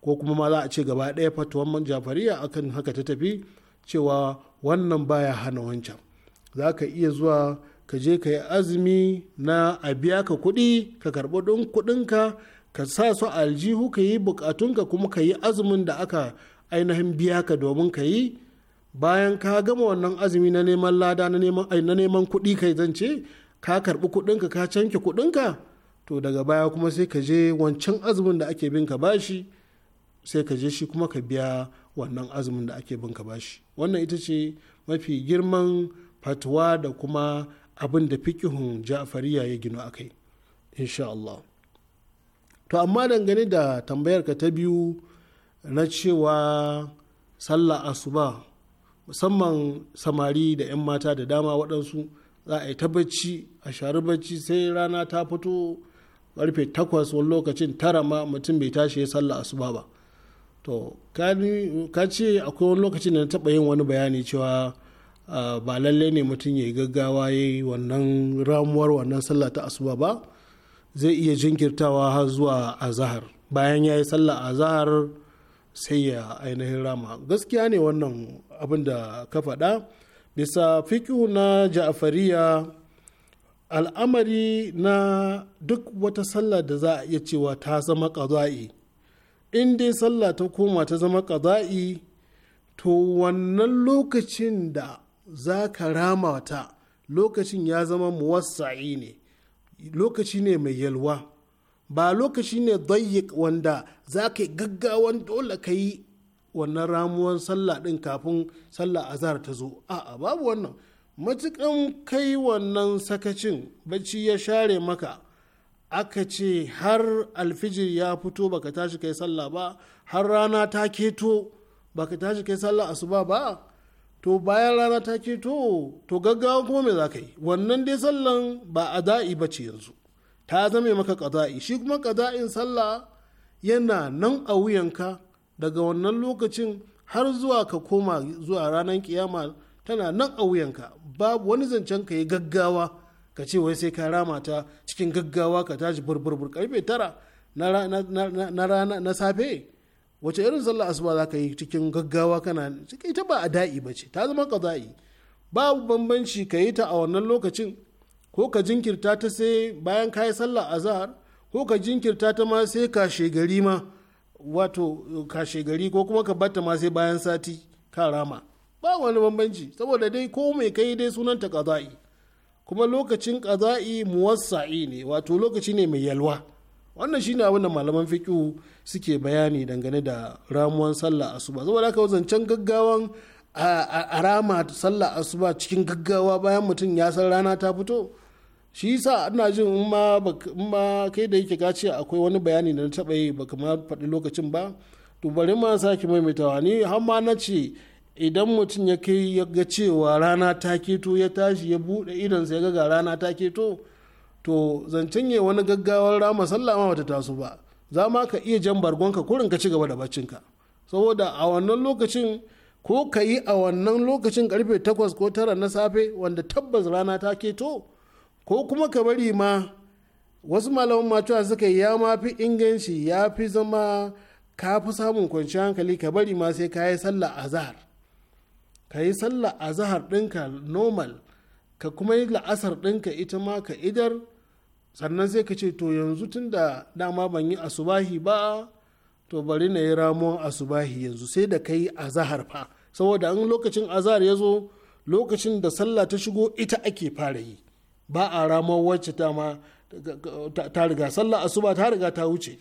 ko kuma ma za a ce gaba ɗaya fatuwan jafariya akan haka ta tafi cewa wannan baya hana wancan za ka iya zuwa ka je ka yi azumi na a biya ka kuɗi ka karɓi ɗin kuɗinka ka sa su aljihu ka yi buƙatunka kuma ka yi azumin da aka ainihin biya ka domin ka yi bayan ka gama wannan azumi na neman lada na neman kuɗi kai zance ka karɓi kuɗinka ka canke kuɗinka to daga baya kuma sai ka je wancan azumin da ake bin ka bashi sai ka je shi kuma ka biya wannan azumin da ake bin ka bashi wannan ita ce mafi girman fatuwa da kuma abin da fikihun ja'fariya ya gino a kai insha Allah to amma dangane da tambayar ka ta biyu na cewa sallah asuba musamman samari da 'yan mata da dama waɗansu za a yi ta bacci a shari bacci sai rana ta fito karfe takwas wani lokacin tara ma mutum bai tashi ya sallah asuba ba to ka ce akwai wani lokacin da na taɓa yin wani bayani cewa ba lalle ne mutum ya yi gaggawa ya yi wannan ramuwar wannan sallah ta asuba ba zai iya jinkirtawa har zuwa azahar bayan ya yi sallah azahar sai ya ainihin rama gaskiya ne wannan abin da ka faɗa bisa fikihu na ja'afariya al'amari na duk wata sallah da za a iya cewa ta zama ƙaza'i in dai sallah ta koma ta zama ƙaza'i to wannan lokacin da za ka rama ta lokacin ya zama muwassa'i ne lokaci ne mai yalwa ba lokaci ne dayyik wanda za ka yi gaggawan dole ka yi wannan ramuwan sallah din kafin sallah a azhar ta zo a'a babu wannan matukan kai wannan sakacin bacci ya share maka aka ce har alfijir ya fito baka tashi kai sallah ba har rana ta keto baka tashi kai sallah asuba ba to bayan rana ta keto to gaggawa kuma me za ka yi wannan dai sallan ba ada'i ba ce yanzu ta zame maka kaza'i. shi kuma kaza'in sallah yana nan a wuyanka daga wannan lokacin har zuwa ka koma zuwa ranar kiyama tana nan a wuyanka babu wani zancen ka yi gaggawa ka ce wai sai ka rama ta cikin gaggawa ka tashi burburbur karfe tara na rana na safe wace irin sallar asuba za ka yi cikin gaggawa kana ita ba a da'i ba ce ta zama kaza'i babu bambanci ka yi ta a wannan lokacin ko ka jinkirta ta sai bayan ka yi a zahar ko ka jinkirta ta ma sai ka shegari ma wato kashe gari ko kuma ka batta ma sai bayan sati ka rama ba wani bambanci saboda dai ko mai kai dai sunanta kaza'i kuma lokacin kaza'i muwassa'i ne wato lokaci ne mai yalwa wannan shine abin da malaman fiƙi suke bayani dangane da ramuwan sallah asuba saboda haka zancen gaggawan a rama sallah asuba cikin gaggawa bayan mutum ya san rana ta fito shi sa ina jin in ma kai da yake gace akwai wani bayani da na taba yi baka ma faɗi lokacin ba to bari ma sake maimaitawa ni har ma na ce idan mutum ya kai ya ga cewa rana ta keto ya tashi ya buɗe idonsa ya ga rana ta keto to zancen ya wani gaggawar rama sallah ma bata taso ba za ma ka iya jan bargonka kurin ka ci gaba da ka saboda a wannan lokacin ko ka yi a wannan lokacin karfe takwas ko tara na safe wanda tabbas rana ta keto ko kuma ka bari ma wasu malaman matuwa suka yi ya ma fi inganci ya fi zama ka fi samun kwanciyar hankali ka bari ma sai ka yi sallah azahar ka yi sallah azahar ɗinka normal ka kuma yi la'asar ɗinka ita ma ka idar sannan sai ka ce to yanzu tun da dama ban yi asubahi ba to bari na yi ramuwan asubahi yanzu sai da ka yi azahar fa saboda in lokacin azahar ya zo lokacin da sallah ta shigo ita ake fara yi ba a ramar wacce ta ma ta riga sallah asuba ta riga ta wuce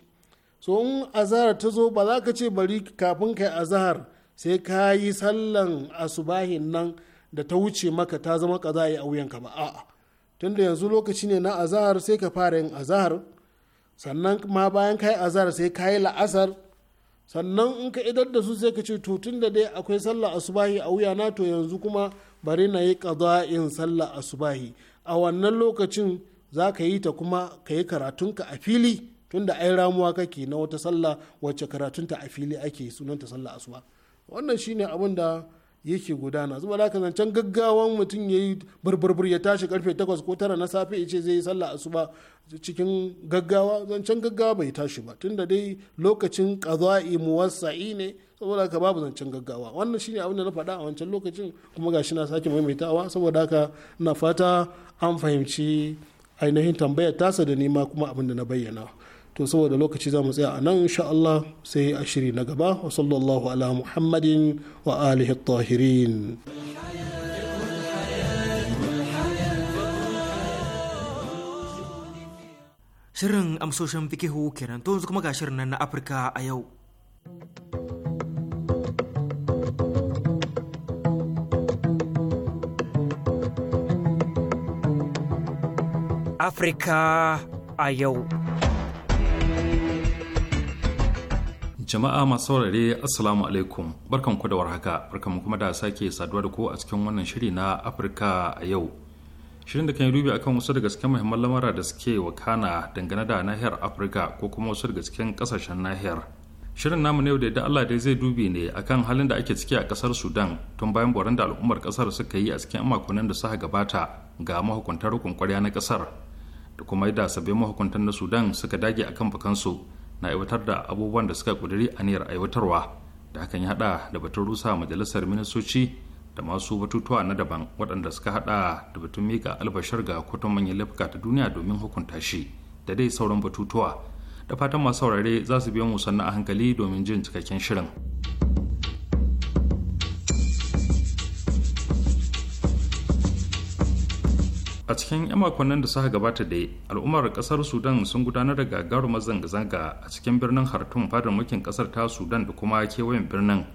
so in azahar ta zo ba za ka ce bari kafin kai azahar sai ka yi sallan asubahin nan da ta wuce maka ta zama kaza a wuyanka ba a'a tunda yanzu lokaci ne na azahar sai ka fara yin azahar sannan ma bayan ka yi azahar sai ka yi la'asar sannan in ka idar da su sai ka ce to tun da dai akwai sallah asubahi a wuyana to yanzu kuma bari na yi qada'in sallah asubahi a wannan lokacin za ka yi ta kuma ka yi karatunka a fili tunda ai ramuwa kake na wata sallah wacce karatunta a fili ake sunanta sallah asuba wannan shine abin da yake gudana zuba da kan can gaggawan mutum ya yi burburbur ya tashi karfe 8 ko 9 na safe ya ce zai yi sallah asuba cikin gaggawa zancen gaggawa bai tashi ba tunda dai lokacin qada'i muwassa'i ne saboda ka babu zancen gaggawa wannan shine abin da na faɗa a wancan lokacin kuma gashi na sake maimaitawa saboda haka na fata an fahimci ainihin tambayar tasa da nema kuma abin da na bayyana to saboda lokaci za mu tsaya a nan insha Allah sai a shiri na gaba wa sallallahu ala muhammadin wa alihi tahirin shirin amsoshin fikihu kenan to yanzu kuma ga shirin nan na afirka a yau Afrika a yau. Jama'a masu saurare Assalamu alaikum barkanku da warhaka barkanku kuma da sake saduwa da ku a cikin wannan shiri na afrika a yau. Shirin da kan yi dubi akan wasu daga cikin muhimman lamura da suke wakana dangane da nahiyar afrika ko kuma wasu daga cikin kasashen nahiyar. Shirin namu ne da Allah dai zai dubi ne akan halin da ake ciki a kasar Sudan tun bayan boran da al'ummar kasar suka yi a cikin makonnin da suka gabata ga mahukuntar rukun kwarya na kasar. da kuma yadda sabbin mahukuntan na sudan suka dage a akan bakansu na aiwatar da abubuwan da suka kuduri aniyar aiwatarwa da hakan ya hada da batun rusa majalisar ministoci da masu batutuwa na daban waɗanda suka hada da batun mika albashar ga kotun manyan laifuka ta duniya domin hukunta shi da dai sauran batutuwa da fatan masu saurare za su biyo mu sannan a hankali domin jin cikakken shirin. a cikin 'yan makonnin da suka gabata da al'ummar kasar sudan sun gudanar da gagarumar zanga-zanga a cikin birnin hartun fadar mulkin kasar ta sudan da kuma kewayen birnin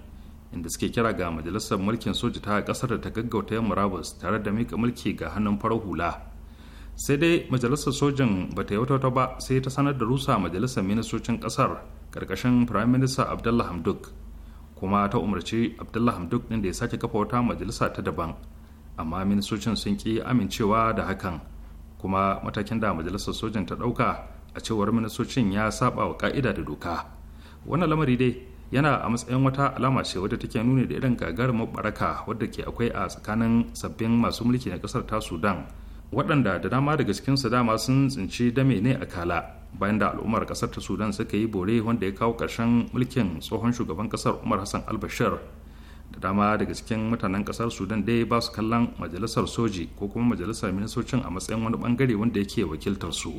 inda suke kira ga majalisar mulkin soja ta kasar da ta gaggauta yan murabus tare da mika mulki ga hannun farar hula sai dai majalisar sojin ba ta yi wata ba sai ta sanar da rusa majalisar ministocin kasar karkashin firayim minista abdullah hamduk kuma ta umarci abdullah hamduk din da ya sake kafa wata majalisa ta daban amma ministocin sun ki amincewa da hakan kuma matakin da majalisar sojan ta ɗauka a cewar ministocin ya saba wa ka'ida da doka wannan lamari dai yana a matsayin wata alama ce wadda take nuni da irin gagarumar baraka wadda ke akwai a tsakanin sabbin masu mulki na kasar ta sudan waɗanda da dama daga cikin su dama sun tsinci dame ne a kala bayan da al'ummar kasar ta sudan suka yi bore wanda ya kawo ƙarshen mulkin tsohon shugaban kasar umar hassan albashir da dama daga cikin mutanen kasar sudan dai ba su kallon majalisar soji ko kuma majalisar ministocin a matsayin wani bangare wanda yake wakiltar su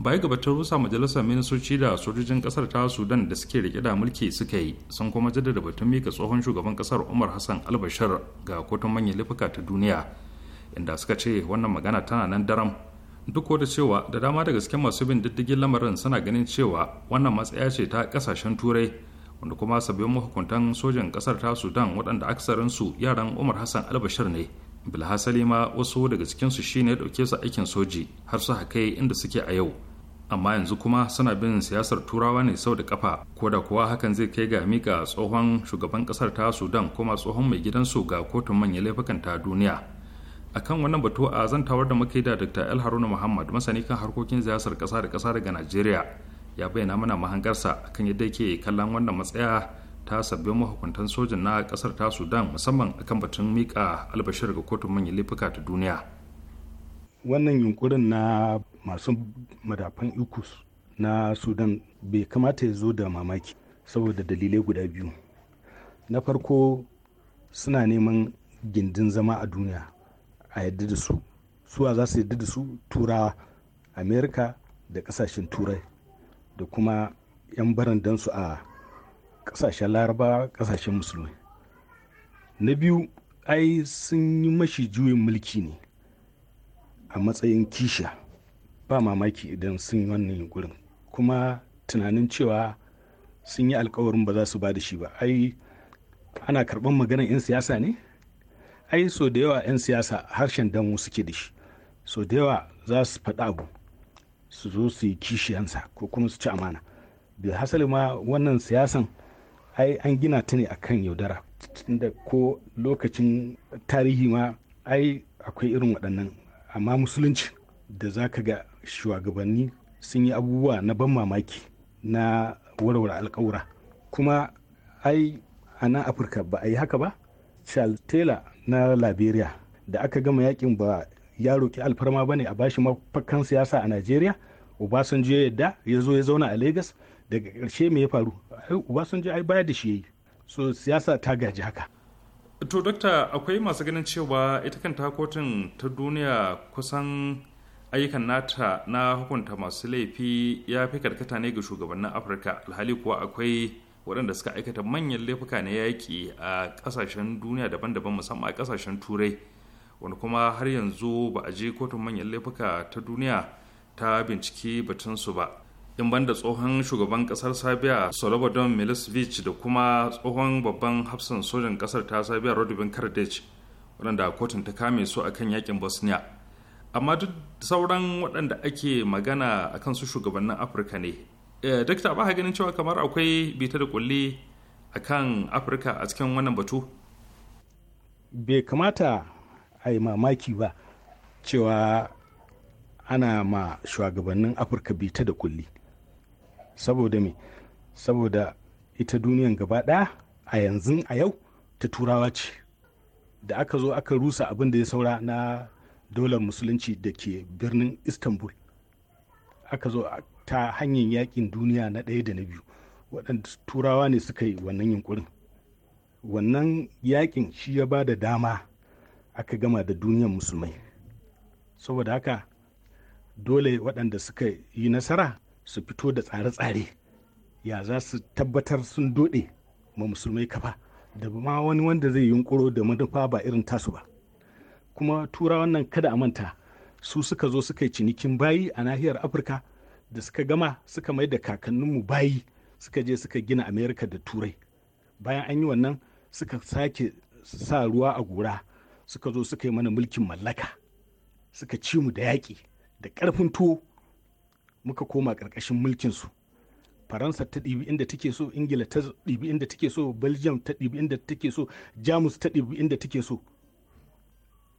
baya gabatar rusa majalisar ministoci da sojojin kasar ta sudan da suke rike da mulki suka yi sun kuma jaddada batun mika tsohon shugaban kasar umar hassan albashir ga kotun manyan lifuka ta duniya inda suka ce wannan magana tana nan daram duk da cewa da dama da gaske masu bin diddigin lamarin suna ganin cewa wannan matsaya ce ta kasashen turai wanda kuma sabbin mahukuntan sojan kasar ta sudan waɗanda aksarin su yaran umar hassan albashir ne bilhassali ma wasu daga cikinsu shine ya ɗauke su aikin soji har su haka inda suke a yau amma yanzu kuma suna bin siyasar turawa ne sau da kafa ko da kuwa hakan zai kai ga mika tsohon shugaban kasar ta sudan kuma tsohon mai gidansu ga kotun manya laifukan ta duniya akan wannan batu a zantawar da muke da dr el haruna muhammad masani kan harkokin siyasar kasa da kasa daga najeriya ya bayyana mana mahangarsa kan yadda yake kallon wannan matsaya ta sabbin mahukuntan sojin na kasar ta sudan musamman akan batun mika albashir ga kotun manyan laifuka ta duniya wannan yunkurin na masu madafan ikus na sudan bai kamata ya zo da mamaki saboda dalilai guda biyu na farko suna neman gindin zama a duniya a yadda da su suwa za su yadda da su turawa amerika da kasashen turai da kuma 'yan barandansu a kasashen laraba kasashen musulmi na biyu ai sun yi mashi juyin mulki ne a matsayin kisha ba mamaki idan sun yi wannan yunkurin kuma tunanin cewa sun yi alkawarin ba za su ba da shi ba ai ana karɓar maganar 'yan siyasa ne ai so da yawa 'yan siyasa harshen damu suke da shi so da yawa za su faɗa abu su zo su yi kishiyansa ko kuma su ci amana bil hasali ma wannan siyasan ai an gina ta ne akan yaudara tunda ko lokacin tarihi ma ai akwai irin waɗannan amma musulunci da za ka ga shugabanni sun yi abubuwa na ban mamaki na warware alkawura kuma ai a nan afirka ba a yi haka ba charles taylor na liberia da aka gama yakin ba ya roki alfarma ba ne a bashi mafakan siyasa a najeriya obasanjo ya yadda ya zo ya zauna a lagos daga ƙarshe me ya faru obasanjo ai baya da shi ya yi so siyasa ta gaji haka to dokta akwai masu ganin cewa ita ta kotun ta duniya kusan ayyukan nata na hukunta masu laifi ya fi karkata ne ga shugabannin afirka alhali kuwa akwai waɗanda suka aikata manyan laifuka na yaƙi a ƙasashen duniya daban-daban musamman a ƙasashen turai wani kuma har yanzu ba a je kotun manyan laifuka ta duniya ta binciki batunsu ba in banda tsohon shugaban kasar sabiya solobodon milosevic da kuma tsohon babban hafsan sojan kasar ta sabiya rodobin kardec waɗanda kotun ta kame su akan yakin bosnia amma duk sauran waɗanda ake magana kan su shugabannin afirka ne eh, dakta ba ganin cewa kamar akwai bita da kulli kan afirka a cikin wannan batu bai kamata a yi mamaki ba cewa ana ma shugabannin afirka bita da kulli saboda me saboda ita duniyan gaba ɗaya a yanzu a yau ta turawa ce da aka zo aka rusa abin da ya saura na dolar musulunci da ke birnin istanbul aka zo ta hanyar yakin duniya na ɗaya da na biyu waɗanda turawa ne suka yi wannan yunkurin wannan yakin shi ya ba da dama aka gama da duniyar musulmai saboda haka dole waɗanda suka yi nasara su fito da tsare-tsare ya za su tabbatar sun doɗe ma musulmai kafa da ma wani wanda zai yunkuro da manufa ba irin tasu ba kuma tura wannan kada a manta su suka zo suka yi cinikin bayi a nahiyar afirka da suka gama suka mai da kakanninmu bayi suka je suka gina amerika da turai bayan an yi wannan suka sake sa ruwa a gora suka zo suka yi mana mulkin mallaka suka ci mu da yaƙi da ƙarfin tuwo muka koma ƙarƙashin mulkinsu faransa ta ɗibi inda take so ingila ta ɗibi inda take so belgium ta ɗibi inda take so jamus ta ɗibi inda take so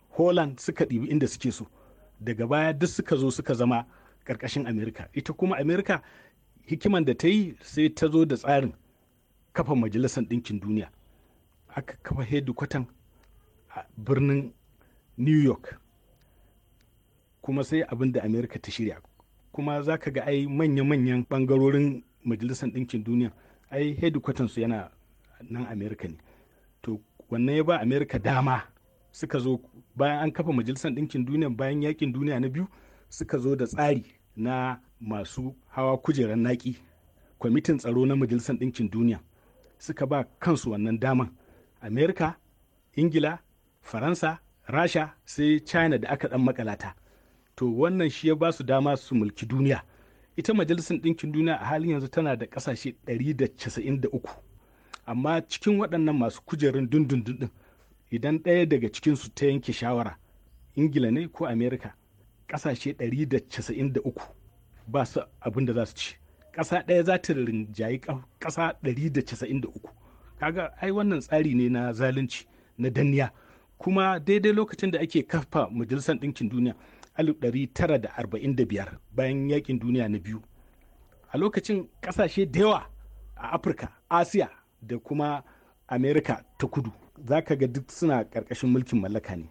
holland suka ɗibi inda suke so daga baya duk suka zo suka zama ƙarƙashin amerika ita kuma amerika hikiman da ta yi sai ta zo da tsarin kafa majalisar ɗinkin duniya aka kafa kwatan a birnin new york kuma sai abin da amerika ta shirya kuma za ka ga ai manya-manyan bangarorin majalisar ɗinkin duniya ai su yana nan amerika ne to wannan ya ba amerika dama suka zo bayan an kafa majalisar ɗinkin duniya bayan yakin duniya na biyu suka zo da tsari na masu hawa kujerar naki kwamitin tsaro na majalisar ɗinkin duniya suka ba kansu wannan daman amerika ingila faransa rasha sai china da aka dan makalata to wannan shi ya ba su dama su mulki duniya ita majalisar ɗinkin duniya a halin yanzu tana da ƙasashe 193 amma cikin waɗannan masu kujerun dundundun idan ɗaya daga cikinsu ta yanke shawara ingila ne ko amerika ƙasashe 193 ba su abin da za su ci ƙasa ɗaya za ta rinjayi ƙasa 193 kaga ai wannan tsari ne na zalunci na danniya kuma daidai lokacin da ake kafa majalisar ɗinkin duniya 1945 bayan yakin duniya na biyu a lokacin ƙasashe da yawa a afirka asiya da kuma amerika ta kudu za ka ga duk suna ƙarƙashin mulkin mallaka ne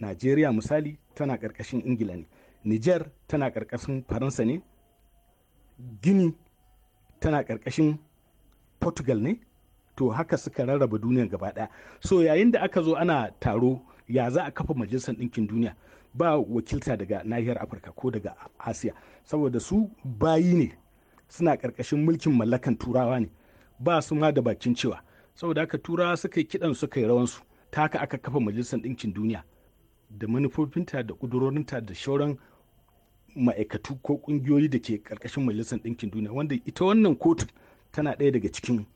najeriya misali tana ƙarƙashin ingila ne niger tana ƙarƙashin faransa ne gini tana ƙarƙashin portugal ne to haka suka rarraba duniya gaba ɗaya so yayin da aka zo ana taro ya za a kafa majalisar ɗinkin duniya ba wakilta daga nahiyar afirka ko daga asiya saboda su bayi ne suna ƙarƙashin mulkin mallakan turawa ne ba su ma da bakin cewa saboda haka turawa suka yi kiɗan suka yi rawansu ta haka aka kafa majalisar ɗinkin duniya da manufofinta da ƙudurorinta da shauran ma'aikatu ko ƙungiyoyi da ke ƙarƙashin majalisar ɗinkin duniya wanda ita wannan kotu tana ɗaya daga cikin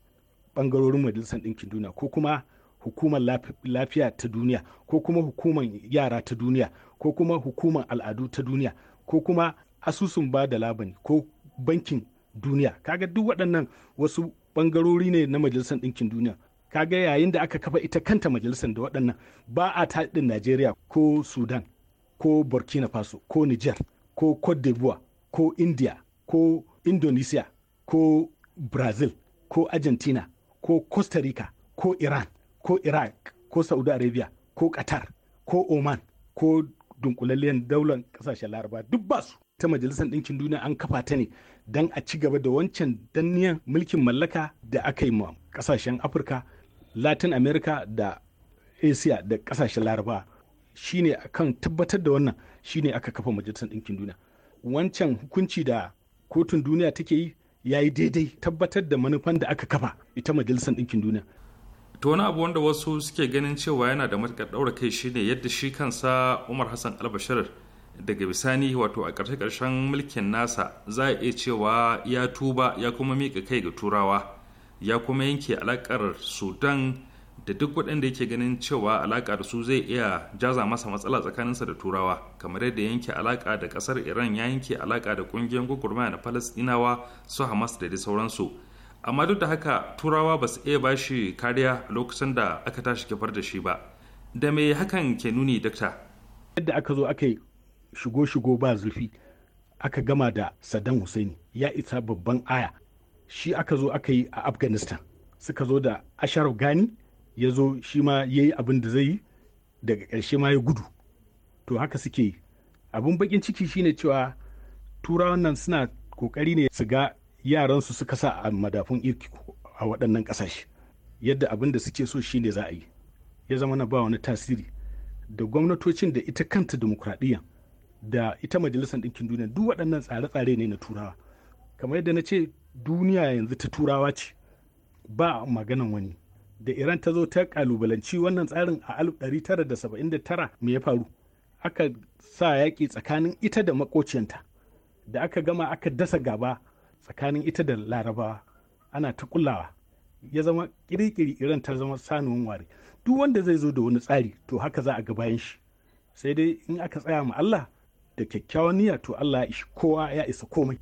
bangarorin majalisar ɗinkin duniya ko kuma hukumar lafiya ta duniya ko kuma hukumar yara ta duniya ko kuma hukumar al'adu ta duniya ko kuma asusun ba da labani ko bankin duniya kaga duk waɗannan wasu bangarori ne na majalisar ɗinkin duniya kaga yayin da aka kafa ita kanta majalisar da waɗannan ba a taɗin najeriya ko sudan ko burkina faso ko niger ko cote d'ivoire ko india ko indonesia ko brazil ko argentina ko costa rica ko iran ko iraq ko saudi arabia ko qatar ko oman ko dunkulalliyar daular kasashen laraba duk basu. ta majalisar ɗinkin duniya an kafa ta ne don a ci gaba da wancan danniyan mulkin mallaka da aka yi ma kasashen afirka latin america da asia da kasashen laraba shine akan tabbatar da wannan shine aka kafa majalisar ɗinkin duniya wancan hukunci da kotun duniya take yi ya yi daidai tabbatar da manufan da aka kafa ita majalisar ɗinkin duniya to wani abu wanda wasu suke ganin cewa yana da matuƙar ɗaura kai shine yadda shi kansa umar hassan albashir daga bisani wato a ƙarshe ƙarshen mulkin nasa za a iya cewa ya tuba ya kuma miƙa kai ga turawa ya kuma yanke alaƙar sudan da duk waɗanda yake ganin cewa alaƙa da su zai iya jaza masa matsala tsakaninsa da turawa kamar yadda yanke alaƙa da ƙasar iran ya yanke alaƙa da ƙungiyar gwagwarmaya na falastinawa su hamas da dai sauransu amma duk da haka turawa ba su iya ba shi kariya a lokacin da aka tashi kifar da shi ba da me hakan ke nuni dakta yadda aka zo aka shigo shigo ba zurfi aka gama da saddam hussein ya isa babban aya shi aka zo aka yi a afghanistan suka zo da asharaf gani ya zo shi ma ya yi abin da zai yi daga ƙarshe ma ya gudu to haka suke yi abin bakin ciki shine cewa turawan nan suna kokari ne su ga yaransu suka sa a madafun irki a waɗannan ƙasashe yadda abin da suke so shine za a yi ya zama na ba wani tasiri da gwamnatocin da ita kanta demokradiyya da ita majalisar ɗinkin duniya duk waɗannan tsare-tsare ne na turawa kamar yadda na ce duniya yanzu ta turawa ce ba maganan wani da iran ta zo ta kalubalanci wannan tsarin a 1979 me ya faru aka sa yaƙi tsakanin ita da makociyanta da aka gama aka dasa gaba tsakanin ita da larabawa ana ta kullawa ya zama kirikiri iran ta zama sanuwan ware duk wanda zai zo da wani tsari to haka za a ga bayan shi sai dai in aka tsaya ma Allah da kyakkyawan niyya to Allah ya ishi kowa ya isa komai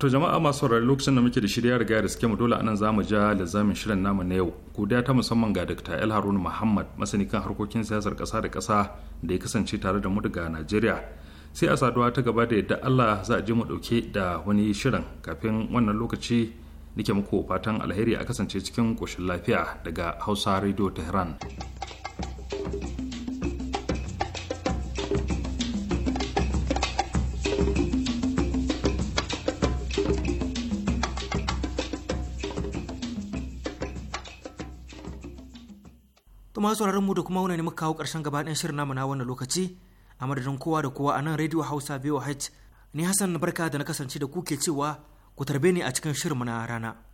To jama'a masu saurari lokacin da muke da shirya riga da suke mu dole za mu ja lazamin shirin namu na yau. Godiya ta musamman ga Dr. El Harun Muhammad masani kan harkokin siyasar kasa da kasa da ya kasance tare da mu daga Najeriya. Sai a saduwa ta gaba da yadda Allah za a je mu ɗauke da wani shirin kafin wannan lokaci nake muku fatan alheri a kasance cikin koshin lafiya daga Hausa Radio Tehran. kuma sauraron mu da kuma wani ne muka kawo ƙarshen gaba ɗayan shirin namu na wannan lokaci a madadin kowa da kowa a nan radio hausa voh ni hassan barka da na kasance da ku ke cewa ku tarbe ni a cikin shirin na rana.